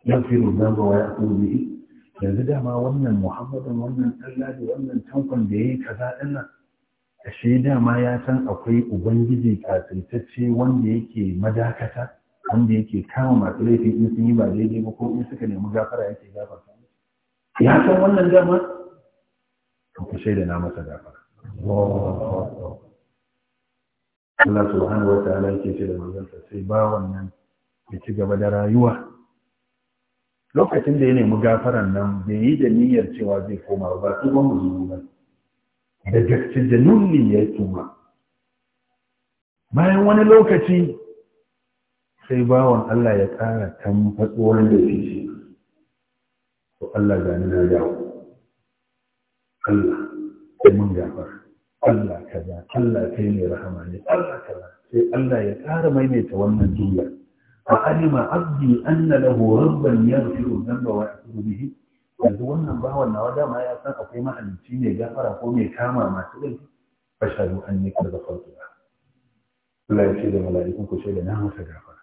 yaghfiru zamba wa ya'khudhu bihi yanzu dama wannan muhammadin wannan da wannan tankon da ya yi kaza ɗin nan ashe dama ya san akwai ubangiji kasaitacce wanda yake madakata wanda yake kama masu laifin in sun yi ba daidai ba ko in suka nemi gafara yake gafarta ya san wannan dama to ku shaida na masa gafara Allah subhanahu wa ta'ala yake ce da manzansa sai ba wannan ya ci gaba da rayuwa lokacin da ya nemi gafaran nan bai yi da niyyar cewa zai koma ba tuban mu ba da gaske da nuni ya tuma bayan wani lokaci sai bawan Allah ya ƙara tamfatsuwar da shi to Allah gani na dawo Allah kai mun gafar. Allah kaza Allah kai mai rahama ne Allah kaza sai Allah ya ƙara maimaita wannan jumla fa alima abdi anna lahu rabban yaghfiru dhanba wa yatubu bihi yanzu wannan bawan nawa dama ya san akwai mahalicci mai gafara ko mai kama masu laifi fashadu an yi karɓar farko Allah ya ce da mala'ikun ku ce da na masa gafara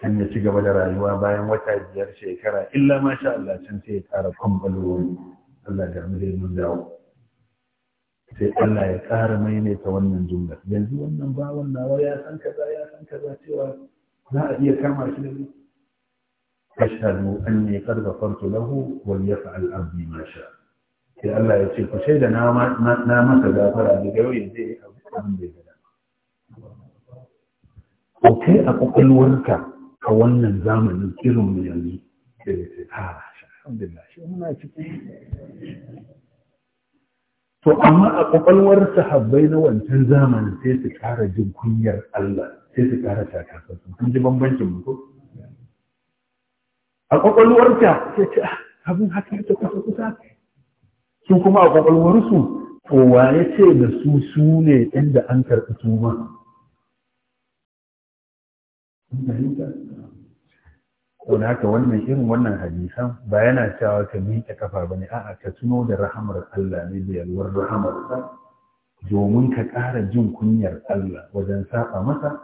kan ya ci gaba da rayuwa bayan wata biyar shekara illa ma sha Allah can sai ya ƙara kwamfalowar Allah mu mun dawo sai Allah ya ƙara maimaita wannan jumla yanzu wannan bawan nawa ya san kaza ya san kaza cewa za a iya kama shi da ashhadu anni qad ghafartu lahu wa yaf'al abdi ma sha sai Allah ya ce ku shaida na na masa gafara da yau yanzu ya abu da ko kai a kwakwalwarka a wannan zamanin irin mu yanzu da ya ce ta alhamdulillah shi muna cikin to amma a kwakwalwar sahabbai na wancan zamanin sai su kara jin kunyar Allah sai su kara takasa su kun ji bambancin mu ko a ta sai ce ah, abin haka ta kusa kusa su kuma a su to wa ya ce da su su ne inda an karɓi su ma ko haka wannan irin wannan hadisan ba yana cewa ka miƙe kafa ne. a'a ka tuno da rahamar Allah ne da yalwar rahamar domin ka ƙara jin kunyar Allah wajen saba masa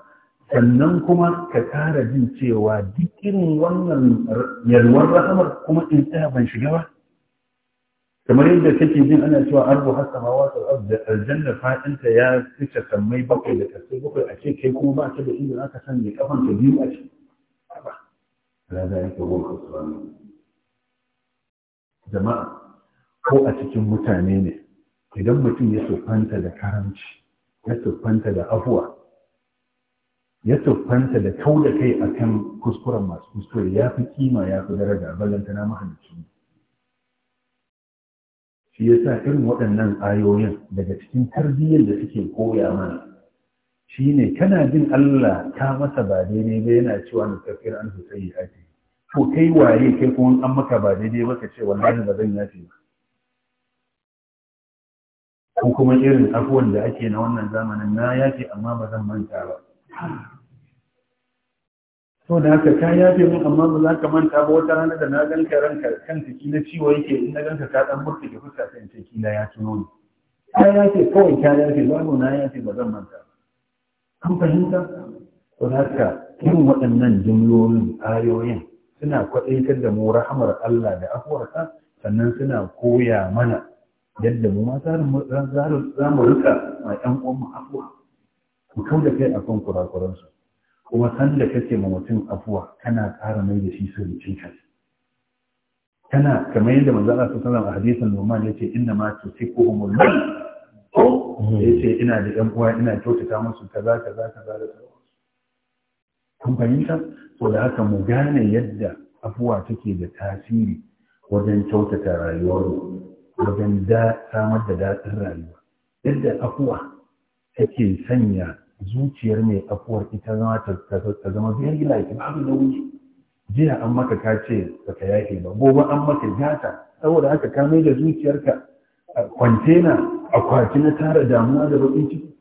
sannan kuma ka ƙara jin cewa duk irin wannan yalwar rahamar kuma in tsaya ban shiga ba kamar yadda kake jin ana cewa arzu hasamawa da aljanna fadinta ya fice sammai bakwai da kasai bakwai a ce kai kuma ba ka da inda aka sanya kafan ka biyu a ciki ala zalika hum khasran jama'a ko a cikin mutane ne idan mutum ya siffanta da karanci ya siffanta da afuwa ya siffanta da kau da kai a kan kuskuren masu kuskure ya fi kima ya fi daraja balanta na mahalicci shi ya sa irin waɗannan ayoyin daga cikin tarbiyyar da suke koya mana Shi ne, kana jin Allah ka masa ba daidai ba yana cewa na tafiyar an su sai ce ko kai waye kai kuma an maka ba daidai ba ka ce wallahi ba zan yafe ba ko kuma irin afuwan da ake na wannan zamanin na yafe amma ba zan manta ba so da haka ka yafe mun amma ba za ka manta ba wata rana da na ganka ranka kan jiki na ciwo yake in na ganka ka dan burke ki fuska sai in ce kila ya tuno ni ka yafe kawai ka yafe babu na yafe ba zan manta an fahimta to haka irin waɗannan jumlolin ayoyin suna kwaɗaitar da mu rahamar Allah da afuwarsa sannan suna koya mana yadda mu ma za mu rika ma ƴan uwan mu afuwa mu kau da kai akan kurakuransu kuma san da kake ma mutum afuwa kana ƙara mai da shi sirrin ka kana kamar yadda manzo Allah sallallahu alaihi wasallam a hadisin Numan yace inna ma tusikuhumul mal ko ya ce ina da yan uwa ina kyautata musu kaza kaza kaza da sauransu kun fahimta to da haka mu gane yadda afuwa take da tasiri wajen kyautata rayuwarmu wajen samar da daɗin rayuwa yadda afuwa take sanya zuciyar mai afuwar ita zama ta zama biyan gila ki babu nauyi jiya an maka ka ce baka yafe ba gobe an maka gata saboda haka ka mai da zuciyarka kwantena akwati na tara damuwa da bakin ciki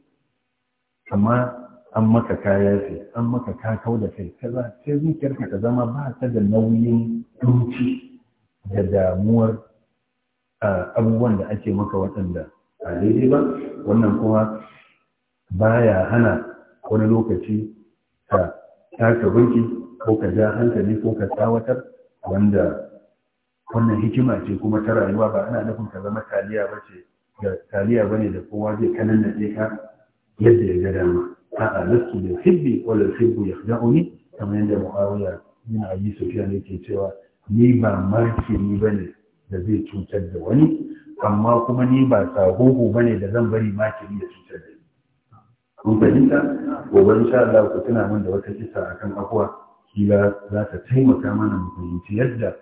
amma an maka kaya ce an maka kakau da kai kaza sai ka ta zama ba ta da nauyin duci da damuwar abubuwan da ake maka waɗanda a daidai ba wannan kuma baya hana wani lokaci ka taka banki ko ka ja hankali ko ka tsawatar wanda wannan hikima ce kuma ta rayuwa ba ana nufin ta zama taliya ba ce Ga taliya ba ne da kowa zai kanan da ka yadda ya ga dama a'a lasu da hibbi wala hibbu yakhda'uni kamar yadda muawiya bin sofiya ne ke cewa ni ba ba ne da zai cutar da wani amma kuma ni ba sahuhu ne da zan bari makiri ya cutar da ni kun fahimta gobe insha Allah ku tuna min da wata kisa akan akwa kila za ta taimaka mana mu fahimci yadda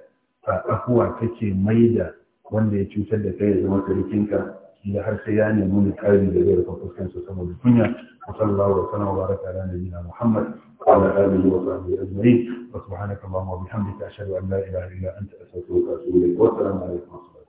afuwa take maida wanda ya cutar da kai ya zama sarkinka ya har sai ya nemi ni kari da zai rufe fuskansa saboda kunya wa sallallahu wa sallam wa baraka ala nabiyyina muhammad wa ala alihi wa sahbihi ajma'in wa subhanaka allahumma wa bihamdika ashhadu an la ilaha illa anta astaghfiruka wa atubu ilayk wa assalamu alaikum